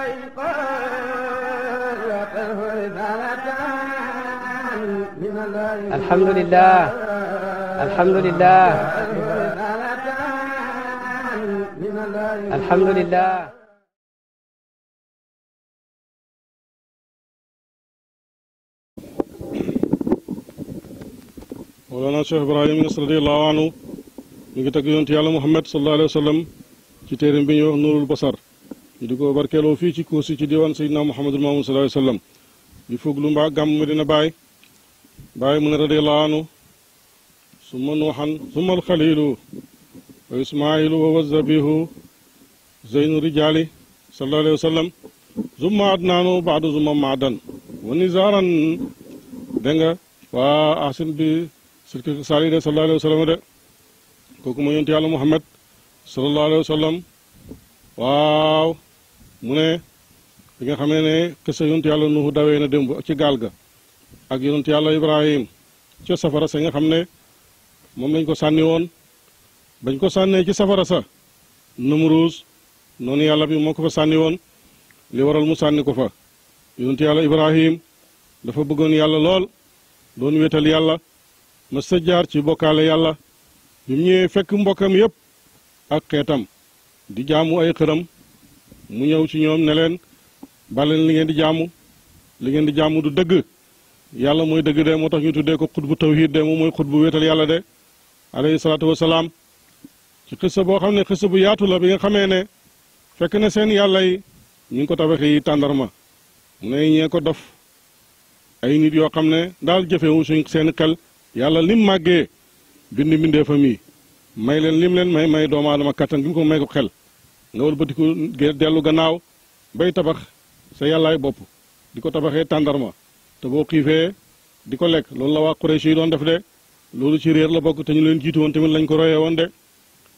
alhamdulilah alhamdulilah alhamdulilah. Mawlana Cheikh Ibrahim Niass radiyallahu anhu mi ngi tagg yonent yàlla Muhammad sallallahu alayhi wa sallam ci téeram bi ñuy wax Nuurul Basar. di ko barkeeloo fii ci kursi ci diwaan sayyidina muhammadul maamun sallallahu alayhi wa sallam lu mbaa gàmm ma dina bàyyi bàyyi mu ne radiallahu summa nuuxan summa alxalilu wa ismailu wa wazabihu zeynu rijaali sallallahu alayhi summa adnaanu baadu summa maadan wa nizaaran dégg waa ahsin bi silki saali de sallallahu de kooku ma yonti yàlla muhammad sallallahu alayhi waaw mu ne bi nga xamee ne kese yontu yàlla nuuhu dawee na démb ci gaal ga ak yontu yàlla ibrahim ca safara sa nga xam ne moom lañ ko sànni woon bañ ko sànnee ci safara sa numuruus noonu yàlla bi moo ko fa sànni woon li waral mu sànni ko fa yontu yàlla ibrahim dafa bëggoon yàlla lool doon wéetal yàlla ma sa jaar ci bokkaale yàlla bi mu ñëwee fekk mbokkam yépp ak xeetam di jaamu ay xëram mu ñëw ci ñoom ne leen baleen li ngeen di jaamu li ngeen di jaamu du dëgg yàlla mooy dëgg de moo tax ñu tuddee ko xutbu tawhid de moom mooy bu wéetal yàlla de alayhi salaatu wasalaam ci xissa boo xam ne xissa bu yaatu la bi nga xamee ne fekk na seen yàlla yi ñu ngi ko tabaxi tàndarma mu ne ñee ko dof ay nit yoo xam ne daal jëfewu suñ seen xel yàlla lim màggee bind mbindee fa mii may leen lim leen may may doomu aadama kattan bi mu ko may ko xel nga wal bëtiku dellu gannaaw bay tabax sa yàllaay bopp di ko tabaxee tàndarma te boo xiifee di ko lekk loolu la waa Quraysh yi doon def de loolu ci réer la bokk te ñu leen jiitu woon tamit lañ ko royee woon de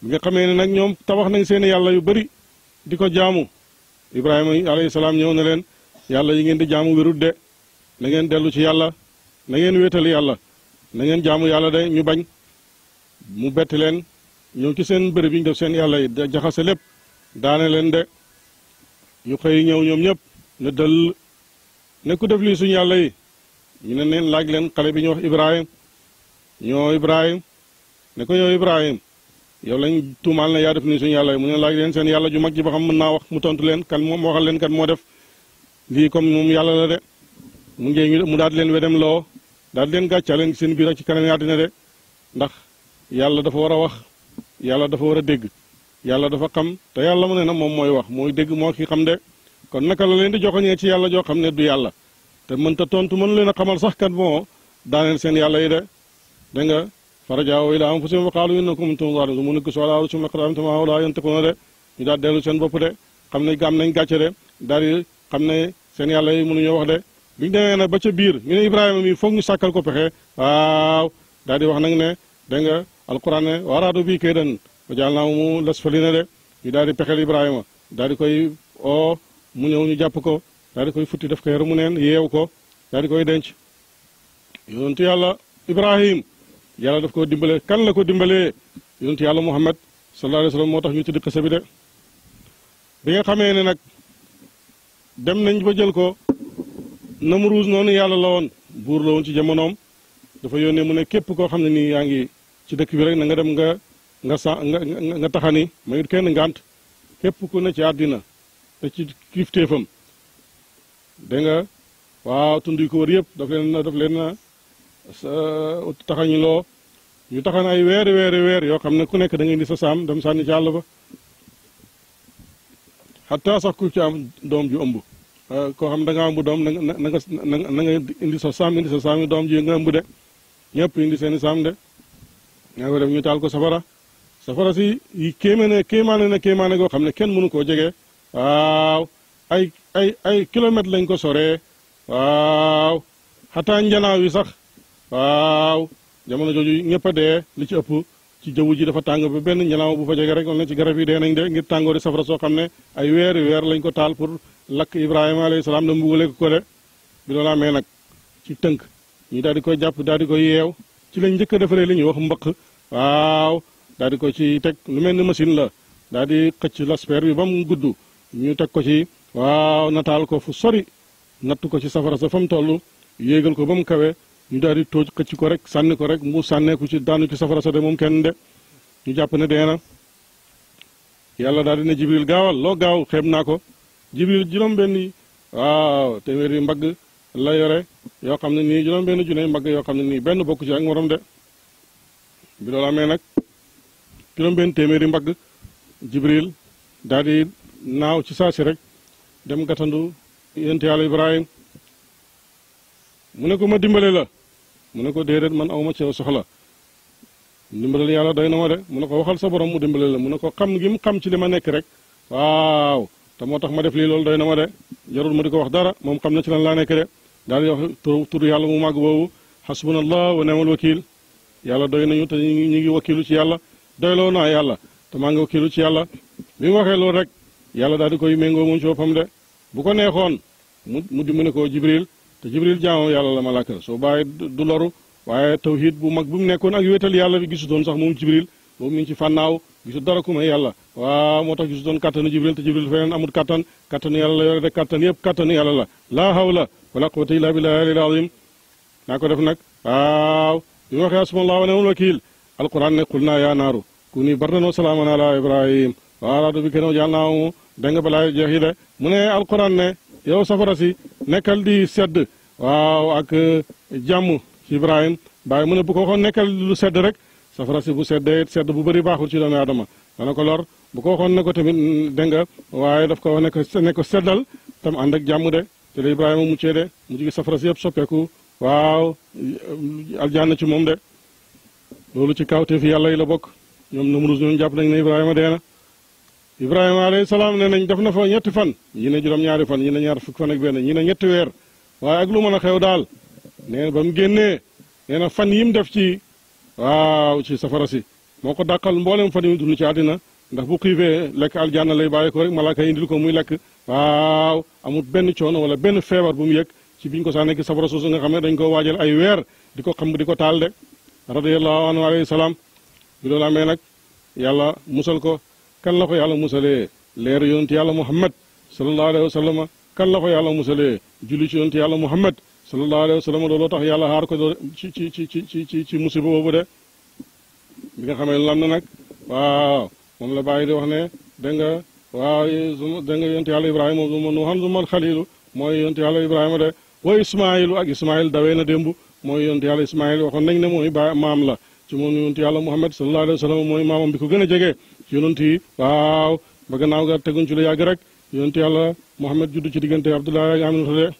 bi nga xamee ne nag ñoom tabax nañ seen yàlla yu bëri di ko jaamu Ibrahima alayhi salaam ñëw na leen yàlla yi ngeen di jaamu wérut de na ngeen dellu ci yàlla na ngeen wéetal yàlla na ngeen jaamu yàlla de ñu bañ mu bett leen ñëw ci seen bërëb yi ñu def seen yàlla yi jaxase lépp daane leen de ñu xëy ñëw ñoom ñëpp na dëll nekku ku def lii suñu yàlla yi ñu ne neen laaj leen xale bi ñu wax ibrahim ñoo ibrahim ne ko yow ibrahim yow lañ tuumaal na yaa def nii suñu yàlla yi mu ne laaj leen seen yàlla ju mag ji ba xam mën naa wax mu tontu leen kan moom waxal leen kan moo def lii comme moom yàlla la de mu ngee mu daal leen wedem loo daal leen gàcca leen seen biir ak ci kanam àddina de ndax yàlla dafa war a wax yàlla dafa war a dégg yàlla dafa xam te yàlla mu ne na moom mooy wax mooy dégg moo ki xam de kon naka la leen di joxoñee ci yàlla joo xam ne du yàlla te mënta tontu mën leen a xamal sax kat moo daaneel seen yàlla yi de da nga farajaaw ilaa anfusihim fa qaalu innakum kuntum zaalimiin mu nekk si wàllu suma xaraam tamaa wala yantiquuna de ñu daal dellu seen bopp de xam ne gàm nañ gàcce de daal di xam ne seen yàlla yi mënuñoo wax de biñu demee nag ba ca biir ñu ne Ibrahima mi foog ñu sàkkal ko pexe waaw daal di wax nag ne da nga alquran ne waaraadu bii kay ba jaal naa mu las fali de ñu daal di pexeel Ibrahima daal di koy oo mu ñëw ñu jàpp ko daal koy futti def ko yar mu neen yeew ko daal di koy denc yonentu yàlla Ibrahim yàlla daf koo dimbale kan la ko dimbalee yonentu yàlla Muhammad sallallahu alayhi wa moo tax ñu tuddi xisa bi de bi nga xamee ne nag dem nañ ba jël ko Namruus noonu yàlla la woon buur la woon ci jamonoom dafa yónnee mu ne képp koo xam ne nii yaa ngi ci dëkk bi rek na nga dem nga nga sa nga nga taxani mayut kenn ngànt képp ku ne ci àddina te ci kilifteefam da nga waaw tund yu ko wër yëpp daf leen na daf leen na ah, taxañi loo ñu taxan ay weeri weeri weer yoo xam ne ku nekk da nga indi sa saam dem sànni ci àll ba xataa sax ku ci am doom ju ëmb ah, koo xam da nga ëmb doom na nga na nga na nga indi sa saam indi sa saami doom ji nga ëmb de ñëpp indi seeni saam de nga ko def ñu taal ko safara safara si kéema ne kéemaane na kéemaane goo xam ne kenn mënu koo jege waaw ay ay ay kilomètre lañ ko soree waaw xataa njanaaw yi sax waaw jamono jooju ñëpp a dee li ci ëpp ci jaww ji dafa tàng bi benn njanaaw bu fa jege rek on na ci garab yi dee nañ de ngir tàngoo di safara soo xam ne ay weer weer lañ ko taal pour lakk Ibrahima alayhi salaam da mbugaleeko ko de bi loolu amee nag ci tënk ñu daal di koy jàpp daal di koy yeew ci lañ njëkk defaree li ñuy wax mbëq daal ko ci teg lu mel ni machine la daal di xëcc laspeer bi ba mu gudd ñu teg ko ci waaw nataal ko fu sori natt ko ci safara sa fa mu toll yéegal ko ba mu kawe ñu daal di tóoj xëcc ko rek sànni ko rek mu sànneeku ci daanu ci safara sa de moom kenn de ñu jàpp ne dee na yàlla daal di ne jibril gaawal loo gaaw xeeb naa ko jibril juróom-benn yi waaw téeméer yi mbagg la yore yoo xam ne nii juróom-benn junne mbagg yoo xam ne nii benn bokku ci ak morom de bi amee nag juróom téeméeri mbagg jibril daal di naaw ci saasi rek dem gatandu yonent yàlla ibrahim mu ne ko ma dimbale la mu ne ko déedéet man aw ma ceew soxla dimbale yàlla doy na ma de mu ne ko waxal sa borom mu dimbale la mu ne ko xam gi mu xam ci li ma nekk rek waaw te moo tax ma def lii lool doy na ma de jarul ma di ko wax dara moom xam na ci lan laa nekk de daal di wax tur yàlla mu màgg boobu xasbunallah wa neemal wakiil yàlla doy nañu te ñu ngi wakiilu ci yàlla doyloo naa yàlla te maa ngi wakkilu ci yàlla bi mu waxee loolu rek yàlla daal di koy méngoo moom coopam de bu ko neexoon mu mu dimbale koo jibril te jibril jaamam yàlla la malaaka soo bàyyi du loru waaye tawhid bu mag bu mu nekkoon ak wéetal yàlla bi gisutoon sax moom jibril boobu mi ngi ci fànnaaw gisu dara ku may yàlla waaw moo tax gisutoon kattanu jibril te jibril feneen amul kattan kattanu yàlla la yore de kattan yëpp kattanu yàlla la laa hawla wala quwwata illa billahi alquran ne qul naa yaa naaru kuni bardan wa salaaman ala ibrahim wa alaadu bi kenoo jàll naamu dégg balaa jeex yi de mu ne alquran ne yow safara si nekkal di sedd waaw ak euh, jàmm ci ibrahim bàyyi mu ne bu ko waxoon nekkal lu sedd rek safara si bu seddee sedd bu bari baaxul ci doomu aadama dana ko lor bu ko waxoon ne ko tamit dégg waaye daf ko wax ne ko seddal tam ànd ak jàmm de te la ibrahima muccee de mu jigi safara si yëpp soppeeku waaw aljanna ci moom de loolu ci fi yàlla yi la bokk ñoom Namruus ñoom jàpp nañ ne Ibrahima dee na Ibrahima alayhi salaam ne nañ def na fa ñetti fan ñi ne juróom-ñaari fan ñi ne ñaar fukk fan ak benn ñi ne ñetti weer waaye ak lu mën a xew daal nee na ba mu génnee nee fan yi mu def ci waaw ci safara si moo ko dàqal mboolem fan yi mu dund ci àddina ndax bu xiifee lekk aljanna lay bàyyi ko rek malaaka indil ko muy lekk waaw amul benn coono wala benn feebar bu mu yëg ci biñ ko sànne ki safara soosu nga xam ne dañ koo waajal ay weer di ko xam di ko taal radiallahu anhu alayhi salaam bi loolu amee nag yàlla musal ko kan la ko yàlla musal musalee leeru yonentu yàlla muhammad sallallahu alayhi wa sallam kan la ko yàlla musalee julli ci yonentu yàlla muhammad sallallahu alayhi wa sallam looloo tax yàlla xaar ko ci ci ci ci ci ci musiba boobu de bi nga xamee lan na nag waaw moom la bàyyi di wax ne da nga waaw da nga yàlla ibrahima zuma nuuhan zuma xalilu mooy yonentu yàlla ibrahima de wa ismailu ak ismail dawee na démb mooy yontu yàlla Ismaayil waxoon nañ ne mooy ba maam la ci moom yontu yàlla Muhammad sallallahu alayhi wa mooy maamam bi ko gën a jege ci yonent yi waaw ba gannaaw ga teguñ ci lu yàgg rek yontu yàlla Muhammad juddu ci diggante Abdullahi ak Aminata de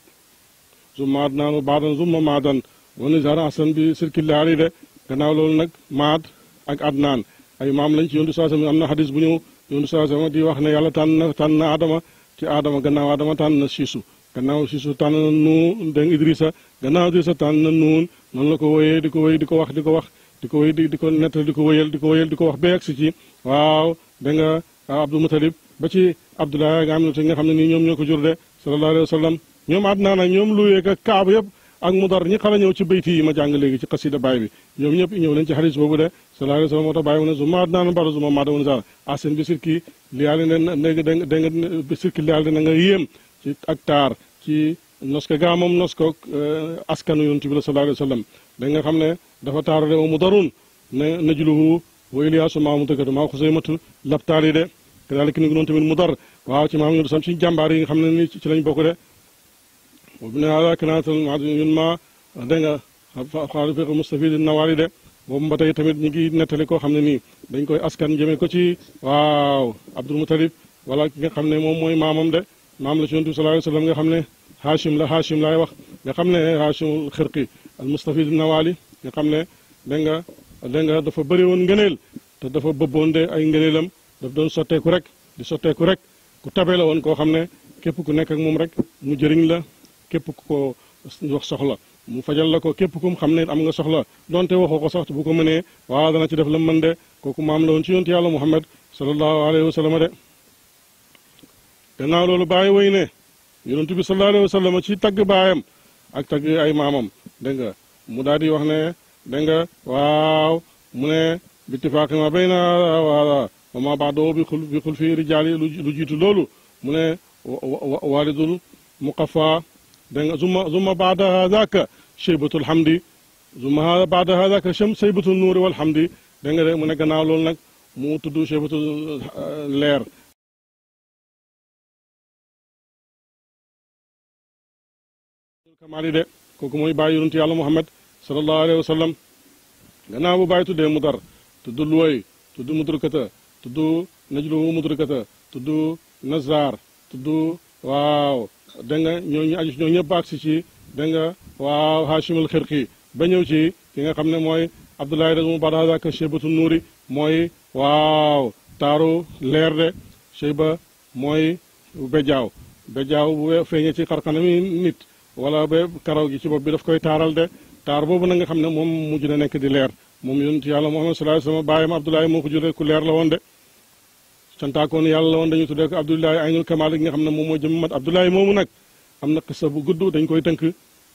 summa adnaan baadan summa maadan wa nizar asan bi sirkillaari de gannaaw loolu nag maat ak adnaan ay maam lañ ci yontu saa am na xadis bu ñëw yontu saa di wax ne yàlla tànn na tànn na Adama ci Adama gannaaw Adama tànn na siisu gannaaw si su tànn na nuun dégg Idrissa gannaaw Idrissa tànn na nuun noonu la ko wooyee di ko wéy di ko wax di ko wax di ko wéy di ko nettali di ko wéyal di ko wéyal di ko wax ba agsi ci waaw da nga ah, Abdou ba ci Abdoulaye am na te nga xam ne nii ñoom ñoo ko jur de sallallahu alayhi wa sallam ñoom Adnaan ak ñoom Luweeg ak Kaab yëpp ak Mudar ñi xala ñëw ci bayti yi ma jàng léegi ci xasida baay bi ñoom ñëpp ñëw nañ ci xadis boobu de sallallahu alayhi nga dégg ci ak taar ci nos ko gaa moom nos ko eh, askanu yoon bi la sallallahu alayhi wa sallam da nga xam ne dafa taaru de mu darun na najluhu wa Ilyaasu maa mu tëkkatu maa Xusaymatu labtaal yi de te daal ki ni noonu tamit mu dar waaw ci maam ñu ci jàmbaar yi nga xam ne ni ci lañ bokk de boobu ne ala kanaatal ma yun ma da nga xaarifiq mustafid nawaar yi de boobu ba tey tamit ñu ngi nettali koo xam ne nii dañ koy askan jëmee ko ci waaw Abdul Mutalib wala ki nga xam ne moom mooy maamam de maam la ci yonent bi sallallahu nga xam ne Hachim la Hachim laay wax nga xam ne Hachimul xirqi al mustafid nawali nga xam ne dégg nga dégg nga dafa bëri woon ngëneel te dafa bëbboon de ay ngëneelam daf doon sotteeku rek di sotteeku rek ku tabe la woon koo xam ne képp ku nekk ak moom rek mu jëriñ la képp ku ko wax soxla mu fajal la ko képp kum xam ne am nga soxla donte waxoo ko sax bu ko mënee waaw dana ci def la mën de kooku maam la woon ci yonent yàlla Muhammad sallallahu alayhi wa gannaaw loolu bàyyi woy ne yonentu bi sallallahu alayhi wa sallam ci tagg baayam ak tagg ay maamam dégg nga mu daal di wax ne dégg nga waaw mu ne bittifaaqi ma bayna waala wa ma baadoo bi xul bi xul fi rijaali lu jiitu loolu mu ne walidul muqafa dégg nga zumma zumma baada haadaka sheybatul hamdi zumma baada haadaka sham sheybatul nuuri walhamdi dégg nga de mu ne gannaaw loolu nag mu tudd sheybatul euh, leer kamaali de kooku mooy bàyyi yonent yàlla Muhammad sallallahu alayhi wa sallam gannaaw bu bàyyi tuddee Mudar tudd Luway tudd Mudrikata tudd Najlu Mudrikata tudd Nazar tudd waaw da nga ñooñu aju ñoo ñëpp ci da nga waaw Hashimul Xirqi ba ñëw ci ki nga xam ne mooy Abdullahi rek mu badazaka Cheybatu Nuuri mooy waaw taaru leer de Cheyba mooy bejaaw bejaaw bu feeñee ci xarkanami nit wala ba karaw gi ci bopp bi daf koy taaral de taar boobu na nga xam ne moom mujj na nekk di leer moom yonent yàlla Muhammad sallallahu alayhi wasallam baayam Abdoulaye moo ko juree ku leer la woon de santaakoon yàlla la woon dañu tuddee ko Abdoulaye aynul Kamal gi xam ne moom moo jëm mat Abdoulaye moomu nag am na xisa bu gudd dañ koy tënk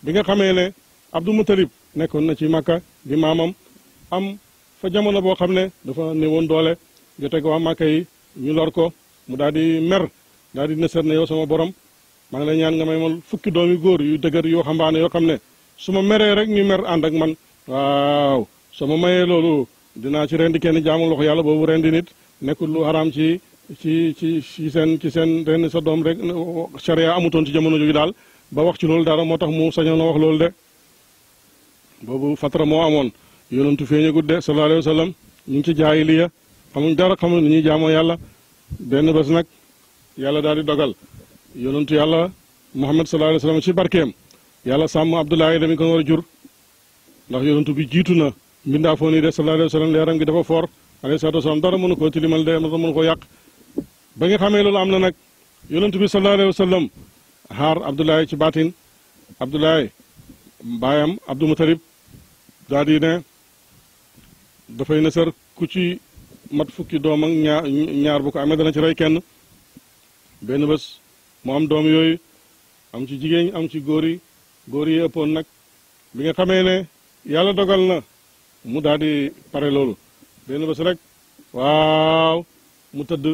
bi nga xamee ne Abdou Moutalib nekkoon na ci Makka di maamam am fa jamono boo xam ne dafa néewoon doole joteeg waa Makka yi ñu lor ko mu daal di mer daal di nësër na yow sama borom maa ngi lay ñaan nga may man fukki doomi góor yu dëgër yoo xambaane yoo xam ne su ma meree rek ñu mer ànd ak man waaw soo ma mayee loolu dinaa ci rend kenn jaamu loxo yàlla boobu rendi nit nekkul lu haram ci ci ci ci seen seen rendi sa doom rek charia amutoon ci jamono jooju daal ba wax ci loolu dara moo tax mu sañoon a wax loolu de boobu fatara moo amoon yonentu feeñagut de sallallahu alayhi wa sallam ñu ngi ci jaahiliya xamuñ dara xamuñ lu ñuy jaamoo yàlla benn bés nag yàlla daal di dogal yonentu yàlla Muhammad sallallahu alayhi wa ci barkeem yàlla sàmm Abdoulaye dami ko war a jur ndax yonentu bi jiitu na mbindaa foo nii de sallallahu alayhi leeram gi dafa foor alayhi salaatu wa salaam dara mënu koo tilimal de dara mënu koo yàq ba nga xamee loolu am na nag yonentu bi sallallahu alayhi wa xaar Abdoulaye ci baatin Abdoulaye baayam Abdou ku ci mat fukki doom ñaar ñaar bu ko amee dana kenn benn bés mu am doom yooyu am ci jigéen am ci góor yi góor yi ëppoon nag bi nga xamee ne yàlla dogal na mu daal pare loolu benn bés rek waaw mu tëdd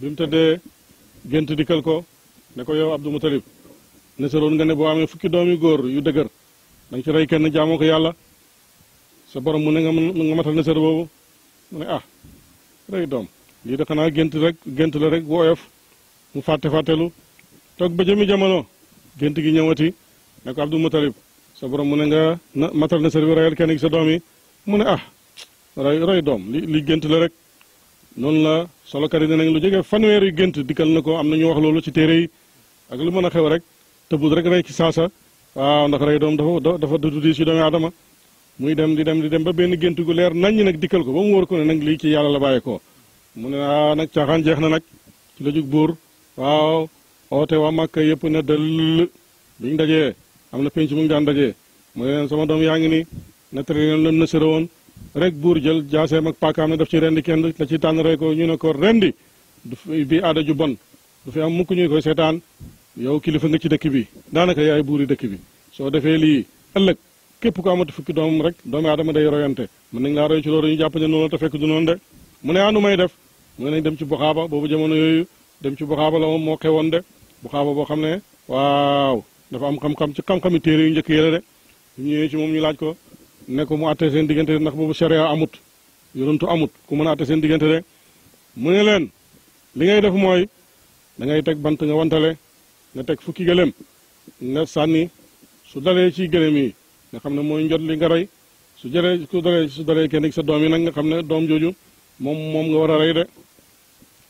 bi mu tëddee gént dikkal ko ne ko yow Abdou Moutalib ne saroon nga ne boo amee fukki doom yu góor yu dëgër da nga ci rey kenn jaamoo ko yàlla sa borom mu ne nga nga matal ne sër boobu mu ne ah rey doom lii de xanaa gént rek gént la rek woyof mu fàtte fàttelu toog ba jëmi jamono gént gi ñëwati ne ko Abdou Moutalib sa borom mu ne nga na matal na sa rayal kenn gi sa doom yi mu ne ah roy roy doom li li gént la rek noonu la solokat yi ne nañ lu jege fanweer yu gént dikkal na ko am na ñu wax loolu ci téere yi ak lu mën a xew rek tëbul rek rey ci saasa waaw ndax rey doom dafa dafa dudu di si doomi aadama muy dem di dem di dem ba benn gént gu leer nañ ñi nag dikkal ko ba mu wóor ko ne nag lii ci yàlla la bàyyeekoo mu ne ah nag caaxaan jeex na nag ci buur waaw oote waa Màkka yëpp na dëll biñ dajee am na penc mu ngi daan dajee mu ne sama doom yaa ngi nii nettali leen lam na sëra woon rek buur jël jaaseem ak paakaam na def ci rendi kenn la ci tànn rey ko ñu ne ko rendi bi aada ju bon du fi am mukk ñuy koy seetaan yow kilifa nga ci dëkk bi daanaka yaay buuri dëkk bi soo defee lii ëllëg képp ko amati fukki doom rek doomi aadama day royante mën nañ laa roy ci loolu ñu jàpp ne noonu te fekk du noonu de mu ne anu ah, may def mu ne nañ dem ci boobu jamono yooyu dem ci bu xaaba la moom moo xewoon de bu xaaba boo xam ne waaw dafa am xam-xam ci xam-xami téere yu njëkk yële de ñu ñëwee ci moom ñu laaj ko ne ko mu atte seen diggante ndax boobu sharia amut yonantu amut ku mën a atte seen diggante de mu ne leen li ngay def mooy da ngay teg bant nga wantale nga teg fukki gëlem nga sànni su dalee ci gëlem yi nga xam ne mooy njot li nga rey su jëlee su dalee su dalee kenn ci sa doom yi nag nga xam ne doom jooju moom moom nga war a rey de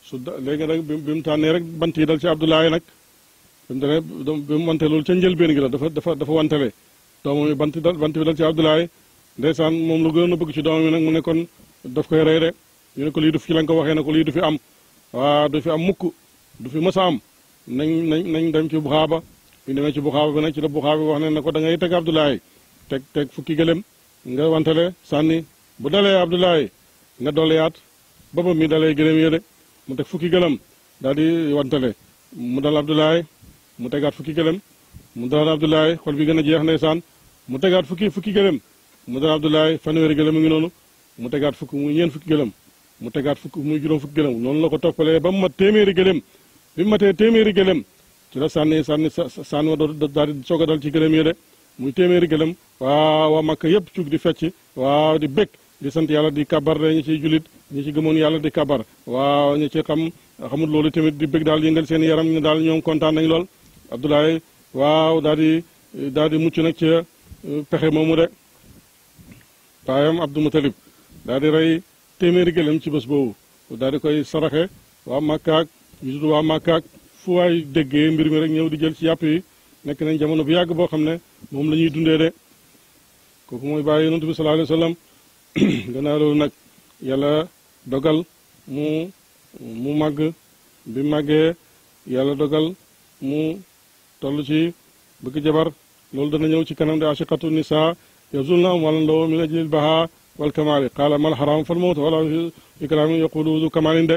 su da léegi nag bi mu tànnee rek bant yi dal ci Abdoulaye nag bi mu demee bi mu wante loolu ca njëlbeen gi la dafa dafa dafa wantele doomam yi bant dal bant bi dal ci Abdoulaye ndeysaan moom lu gënoon a bëgg ci doomam yi nag mu ne daf koy rey de ñu ne ko lii du fi lañ ko waxee ne ko lii du fi am waa du fi am mukk du fi mës a am nañ nañ nañ dem ci buxaaba ñu demee ci buxaaba bi nag ci la buxaaba bi wax ne ne ko da ngay teg Abdoulaye teg teg fukki gëlem nga wantele sànni bu dalee Abdoulaye nga dolliyaat ba mi dalee gëlem yé de mu teg fukki gëlëm daal di wantale mu dal Abdoulaye mu tegaat fukki gëlëm mu dal Abdoulaye xol bi gën a jeex na ndeysaan mu tegaat fukki fukki gëlëm mu dal Abdoulaye fanweeri gëlëm mu ngi noonu mu tegaat fukk muy ñeen fukki gëlëm mu tegaat fukk muy juróom fukki gëlëm noonu la ko toppalee ba mu mat téeméeri gëlëm bi matee téeméeri gëlëm ci la sànni sànni sànni wa doo daal di soog a dal ci gëlëm yi de muy téeméeri gëlëm waaw waa Makka yëpp cug di fecc waaw di bëgg di sant yàlla di kabar ñu ciy julit ñu ci gëmoon yàlla di kabar waaw ñu ci xam xamul loolu tamit di bëgg daal yëngal seen yaram ñu daal ñoom kontaan nañ lool Abdoulaye waaw daal di di mucc nag ca euh, pexe moomu de paayam Abdou Moutalib daal di rey téeméeri gëlëm ci bés boobu daal di koy saraxe waa Màkkaak ñu waa Màkkaak fu waay déggee mbir mi rek ñëw di jël ci yàpp yi nekk nañ jamono bu yàgg boo xam ne moom la ñuy dundee de kooku mooy bàyyi yonent bi sallallahu gannaaw loolu nag yàlla dogal mu mu màgg bi màggee yàlla dogal mu toll ci bëgg jabar loolu dana ñëw ci kanam de ashiqatu nisa yazulna am walan lawo min ajlil baha wal kamaali qaala mal xaraam fal mawt wala fi kalaami yaqulu du kamaalin de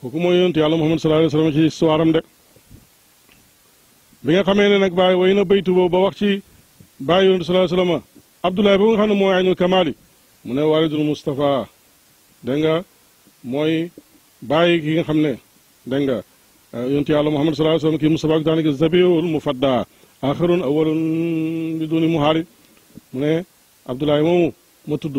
kooku mooy yonentu yàlla muhammad sallallahu alayhi de bi nga xamee nag bàyyi way na baytu boobu ba wax ci bàyyi yonentu sallallahu abdoulaye boobu nga xam ne mooy aynul kamaali mu ne walidul moustapha dégg mooy bàyyi gi nga xam ne dégg nga euh, yontu yàlla muhammad sallallahu alayhi wa sallam kii moustapha ko daanaka zabiul mufaddaa axirun mu ne abdoulaye moomu ma tudd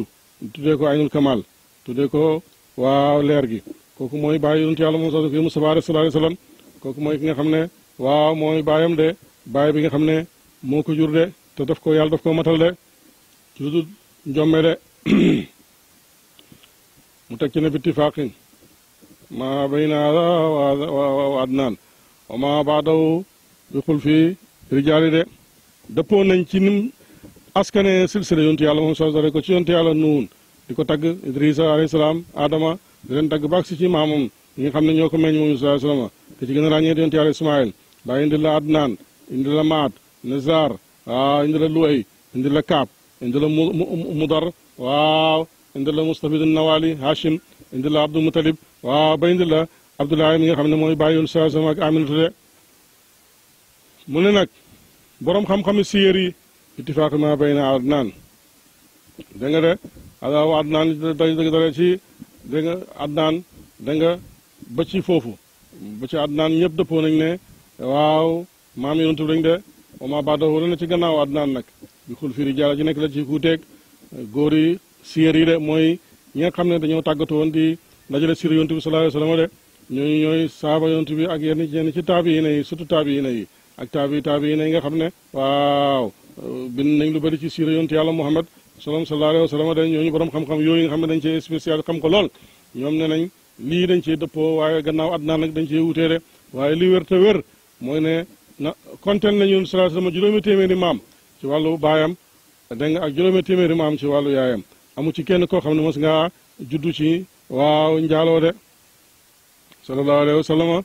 tuddee ko aynul kamal tuddee ko waaw leer gi kooku mooy bàyyi yontu yàlla moom sax kii moustapha sallallahu alayhi kooku mooy ki nga xam ne waaw mooy bàyyam de bàyyi bi nga xam ne moo ko jur de te def ko yàlla daf ko matal de lu du njomme de mu teg ci ne bi tifaqin ma bayna wa adnaan wa ma baadaw bi xul fii rijaali de dëppoo nañ ci nim askane silsila yontu yàlla moom sosore ko ci yontu yàlla nuun di ko tagg idrisa alayhi salaam adama di leen tagg baag si ci maamam ñi nga xam ne ñoo ko meññ moom sallallahu alayhi wasallam te ci gën a ràññee yontu yàlla ismail bàyyi indi la adnaan indi la maat nazar waaw ah, indi la luway indi la kaab indi la mudar waaw indi la mustafid nawali hashim indi la abdul mutalib waaw ba indi la abdoulahi mi nga xam ne mooy bàyyi yoon saa sama ak aminatu de mu ne nag boroom xam-xami siyér yi ittifaaq ma bayna adnaan dégg nga de adnaan dale ci foofu ba ci adnaan ñëpp dëppoo nañ ne waaw maam yonent bi de wama baadahu la na ci gannaaw adnaan nag bi xul firi jaala ci nekk la ci kuuteeg eh, góor yi siyér yi de mooy ñi nga xam ne dañoo tàggatu woon di dajale sir yontu bi sallallahu alayhi wasallam de ñooñu ñooy saaba bi ak yenn yenn ci taabi yi na yi surtout taabi yi na yi ak taabi taabi na yi nga xam ne waaw eh, bind nañ lu bëri ci siira yontu yàlla Muhammad sallallahu alayhi wasallam de ñooñu borom xam-xam yooyu nga xam ne dañ cee spécial xam ko lool ñoom ne nañ lii dañ cee dëppoo waaye gannaaw adnaan nag dañ cee wutee de waaye li wér ne na kontaan nañu yonent sallallahu alayhi wasallam juróomi téeméeri maam ci wàllu baayam dégg nga ak juróomi téeméeri maam ci wàllu yaayam amu ci kenn koo xam ne mos ngaa juddu ci waaw njaaloo de sallallahu alayhi wasallam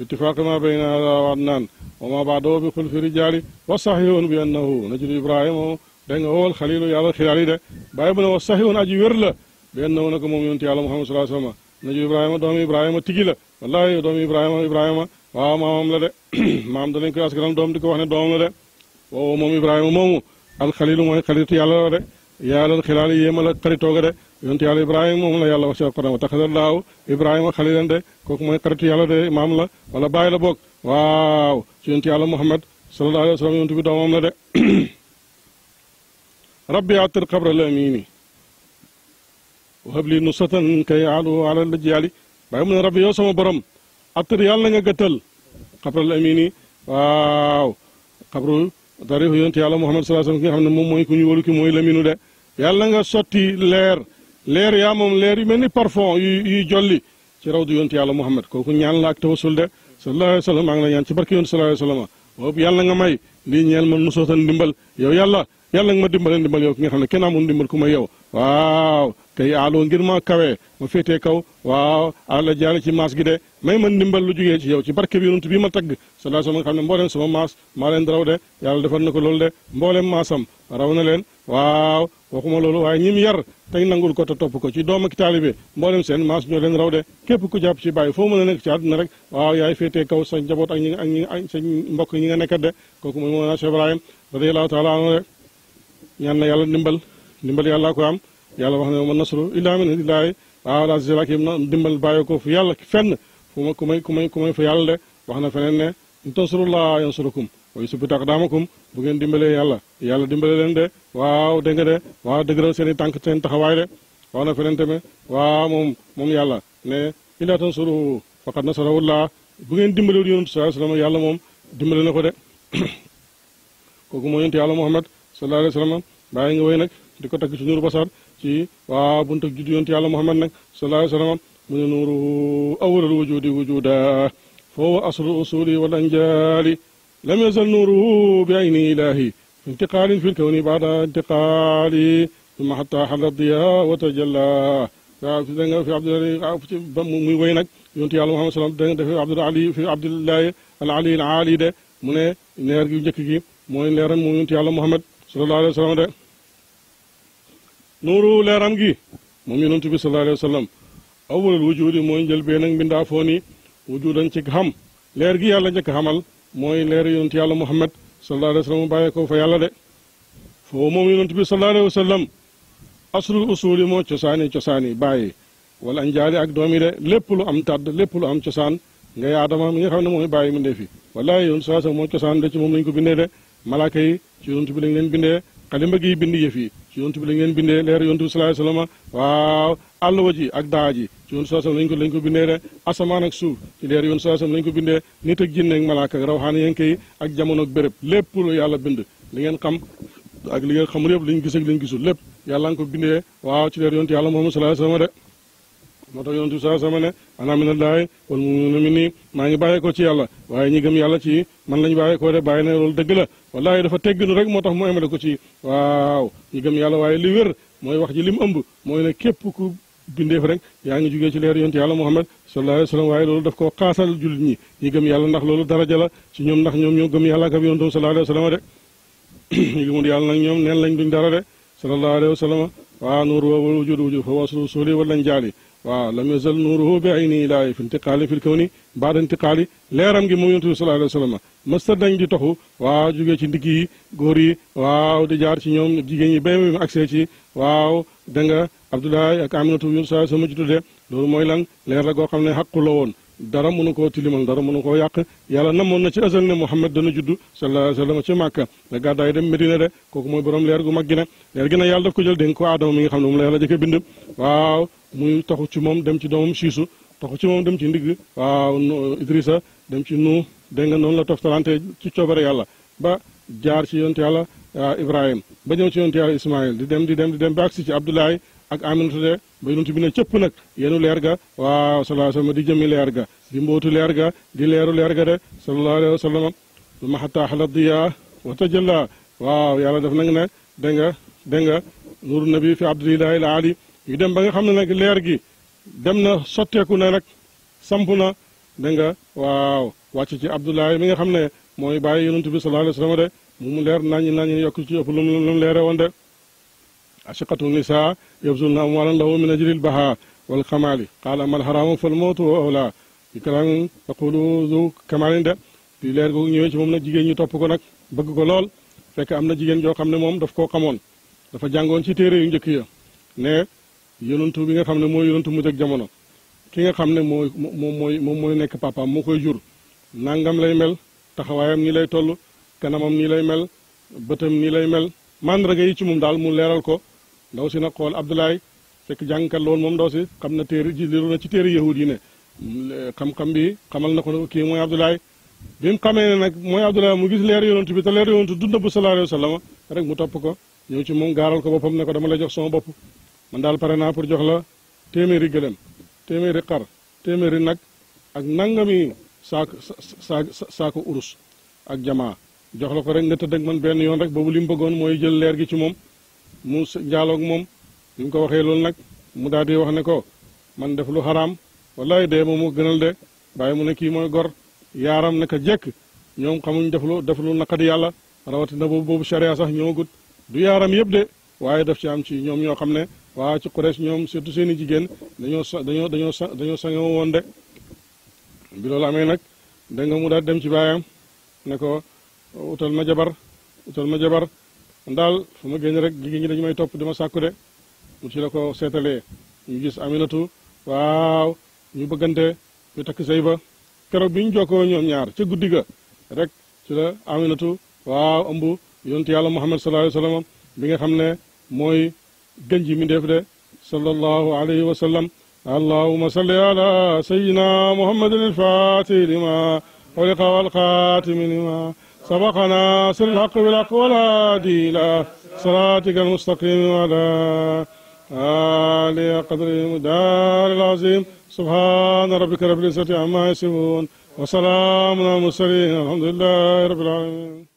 ittifaaq ma na waat naan a ma baadoo bi xulfi rijaali wa woon bi annahu najlu ibrahima dégg nga wowal xalilu yàlla xilaali de bàyyi bu ne wa saxihoon aji wér la bi annahu naka moom yonent yàlla muhammad sallallahu alayhi wasallam najlu ibrahima doomu ibrahima tigi la wallahi doomu ibrahima ibrahima waaw maamam la de maam danañ koy askanal doom di ko wax ne doomam la de waaw moom Ibrahima moomu alxalilu mooy xaritu yàlla la de yàlla xilaali yéema la xaritoo ga de yonent yàlla Ibrahima moom la wa taxadar daaw de kooku mooy xaritu yàlla de maam la wala bàyyi la boog waaw ci yonent yàlla Muhammad sallallahu alayhi wa sallam yonent bi la de rabbi atir xabra lamini wahab li nusratan kay alu ala lajjali bàyyi mu ne rabbi yow sama borom attar yàlla nga gëttal xabral amini waaw xabru tarix yonti yàlla muhammad salaa sallam ki nga xam ne moom mooy ku ñu wóolu ki mooy laminu de yàlla nga sotti leer leer yaa moom leer yu mel ni parfum yuy jolli ci raw du yonti yàlla ko kooku ñaan la ak tawasul de sallallahu alayhi wa sallam maa ngi la ñaan ci barke yonti sallallahu alayhi wa sallam boobu yàlla nga may lii ñeel man mu sootan ndimbal yow ma dimbale ndimbal yow xam ne kenn amul ndimbal ku may yow te yaaloo ngir ma kawee ma féetee kaw waaw àlla jaale ci maas gi de may man ndimbal lu jógee ci yow ci barke bi yonent bii ma tagg salaa sama nga xam ne mbooleem sama maas maa leen raw de yàlla defal na ko loolu de mbooleem maasam raw na leen waaw waxuma loolu waaye ñim yar tey nangul ko topp ko ci doom ak taalibe mboolem seen maas ñoo leen raw képp ku jàpp ci bàyyi foo mën a nekk ci àdduna rek waaw yaay féetee kaw sa njaboot ak ñi ak ñi ak sa mbokk ñi nga nekkat de kooku mooy moo naa Cheikh Ibrahim radiyallahu taala de ñaan na yàlla ndimbal ndimbal yàlla ko am yàlla wax ne ma nasru illaa min indillaahi waaw laa zilaakim na dimbal bàyyi ko fu yàlla fenn fu ma ku may ku yàlla wax na feneen ne in tansurullaa yansurukum wa yusabbit aqdaamakum bu ngeen dimbalee yàlla yàlla dimbale leen de waaw dégg nga de waaw dëgëral seen i tànk seen taxawaay de wax na feneen tamit waaw moom moom yàlla ne illaa tansuruhu faqad nasarawullaa bu ngeen dimbalewul yonent sallallahu alayhi wasallam yàlla moom dimbale na ko de kooku moo yonent yàlla Muhammad sallallahu alayhi wasallam bàyyi nga wéy nag di ko takk suñu basar ci waaw buntu juddu yonent yàlla Muhammad nag sallallahu alayhi wa sallam mu ne nuuru awwalul wujudi wujuda fa huwa aslu usuli wal anjali lam yazal nuuru bi ayni ilahi intiqaalin fi lkawni baada intiqaali summa xata xala diya wa tajalla waaw da nga fi abdullah muy woy nag yonent yàlla Muhammad sallam da nga def mu ne leer de nuuru leeram gi moom yonent bi sallallahu alayhi wa sallam awalul wujudi mooy bee ak mbindaa foo ni wujudan ci xam leer gi yàlla njëkk xamal mooy leer yonent yàlla muhammad sallallahu alayhi wa sallam mu ko fa yàlla de foo moom yonent bi sallallahu alayhi wa sallam aslul usuli moo cosaani cosaani bàyyi wala anjaali ak doomi de lépp lu am tàdd lépp lu am cosaan ngay aadama mi nga xam ne mooy bàyyi mu ndeefi wallaay yoon saa sax mooy cosaan de ci moom lañ ko bindee de malaaka yi ci yonent bi lañ leen bindee xalimba gi bind yëf yi ci yontu bi la ngeen bindee leer yontu bi salaay salaam waaw àll wa ji ak daa ji ci yontu salaay salaam ko lañ ko bindee de asamaan ak suuf ci leer yontu salaay salaam lañ ko bindee nit ak jinne ak raw ak rawxaan yenke yi ak jamono ak béréb lépp lu yàlla bind li ngeen xam ak li ngeen xamul yëpp li ñu gis ak li ñu gisul lépp yàlla nga ko bindee waaw ci leer yontu yàlla Muhammad salaay salaam de moo tax yonent bi saa sama ne ana minallaahi wal mu'minuuna minnii maa ngi bàyyeekoo ci yàlla waaye ñi gëm yàlla ci man lañu bàyyeekoo de bàyyi ne loolu dëgg la wallaahi dafa tegginu rek moo tax mu amale ko ci waaw ñi gëm yàlla waaye li wér mooy wax ji li mu ëmb mooy ne képp ku bindeef rek yaa ngi jugee ci leer yonent yàlla Muhammad sallallahu alayhi wa sallam waaye loolu daf koo xaasal jullit ñi ñi gëm yàlla ndax loolu dara la ci ñoom ndax ñoom ñoo gëm yàlla ak yonentam sallallahu alayhi wa sallam de ñi gëmul yàlla nag ñoom neen lañ duñ dara de sallallahu alayhi wa sallam waa nuur wa wujud wujud fa waslu suuli wal lañ jaali waaw lam yazal nuuruhu bi ayni ilaahi fi intiqaali fil kawni baada intiqaali leeram gi moom na bi sallallahu alayhi wa sallam masta dañ di toxu waaw jógee ci ndigg yi góor yi waaw di jaar ci ñoom jigéen ñi béy mu accès ci waaw da nga abdoulaye ak aminatu yontu sallallahu alayhi wa sallam ci loolu mooy lan leer la goo xam ne xaqu la woon dara mënu koo tilimal dara mënu koo yàq yàlla namoon na ci asal ne Muhammad dana judd sallallahu alayhi wa sallam ci Màkka nga gàddaay dem Medina de kooku mooy borom leer gu mag gi ne yàlla daf ko jël dénk ko mi nga xam ne moom la yàlla muy taxu ci moom dem ci doomam siisu taxu ci moom dem ci ndigg waaw Idrissa dem ci nu dégg nga noonu la toftalante ci coobare yàlla ba jaar ci yonte yàlla euh, Ibrahima ba ñëw ci yonte yàlla Ismaïl di dem di dem di dem ba agsi ci Abdoulaye ak Aminata de ba yonent bi ne cëpp nag yenu leer ga waaw sallallahu alayhi di jëmi leer ga di mbootu leer ga di leeru leer ga de sallallahu alayhi wa sallam ma xataa xalat diya wa tajalla waaw yàlla def nag ne dégg nga dégg nabi ñu dem ba nga xam ne nag leer gi dem na sotteeku na nag samp na da nga waaw wàcc ci Abdoulaye mi nga xam ne mooy bàyyi yonent bi sallallahu alayhi wa sallam de mu leer naññ naññ ci ëpp lu mu lu mu leere woon de ashiqatu nisa yabzulna amwalan lahu min ajli lbaha walkamali qaala amal haramu fal mawtu awla bi kalaam yaqulu zu kamalin leer googu ñëwee ci moom nag jigéen ñi topp ko nag bëgg ko lool fekk am na jigéen joo xam ne moom daf koo xamoon dafa jàngoon ci téere yu njëkk ya ne yonantu bi nga xam ne mooy yonantu mujj ak jamono ki nga xam ne mooy moom mooy mooy nekk papaam moo koy jur nangam lay mel taxawaayam nii lay toll kanamam nii lay mel bëtam nii lay mel mandarga yi ci moom daal mu leeral ko ndaw si nag xool Abdoulaye fekk jàngkat lool moom ndaw si xam na téere ji liru na ci téere yahud yi ne xam-xam bi xamal na ko kii mooy Abdoulaye bi mu xamee ne nag mooy Abdoulaye mu gis leer yonantu bi te leer yonantu dund bu sallallahu alayhi wa sallam rek mu topp ko ñëw ci moom gaaral ko boppam ne ko dama lay jox sama bopp man daal pare naa pour jox la téeméeri gëlëm téeméeri xar téeméeri nag ak nangami saako saako saako urus ak jamaa jox la ko rek nga tëdd ak man benn yoon rek boobu li bëggoon mooy jël leer gi ci moom mu jaaloog moom bi ko waxee loolu nag mu daal di wax ne ko man def lu xaraam wallaay dee moom moo gënal de waaye mu ne kii mooy gor yaaram naka jekk ñoom xamuñ def lu def lu naqadi yàlla rawatina boobu boobu charia sax ñëwagut du yaaram yëpp de waaye def ci am ci ñoom ñoo xam ne waaw ci Quraysh ñoom surtout seen jigéen dañoo sa dañoo dañoo sa dañoo sangewo woon de bi loolu amee nag da nga mu daal dem ci baayam ne ko utal ma jabar utal ma jabar daal fu ma génn rek jigéen ñi dañu may topp di ma sàkku de mu ci la ko seetalee ñu gis aminatu waaw ñu bëggante ñu takk say ba keroog bi ñu jokkoo ñoom ñaar ca guddi ga rek ci la aminatu waaw ëmb yontu yàlla muhammad sallallahu alayhi wa sallam bi nga xam ne mooy gën ji mi def de sallallahu alayhi wa sallam allahuma salli ala sayidina muhammadin alfatih lima uliqa walxatimi lima سبق ناصر الحق بالحق والهادي إلى صراطك المستقيم وعلى آل قدر دار العظيم سبحان ربك رب العزة عما يصفون وسلام على المرسلين الحمد لله رب العالمين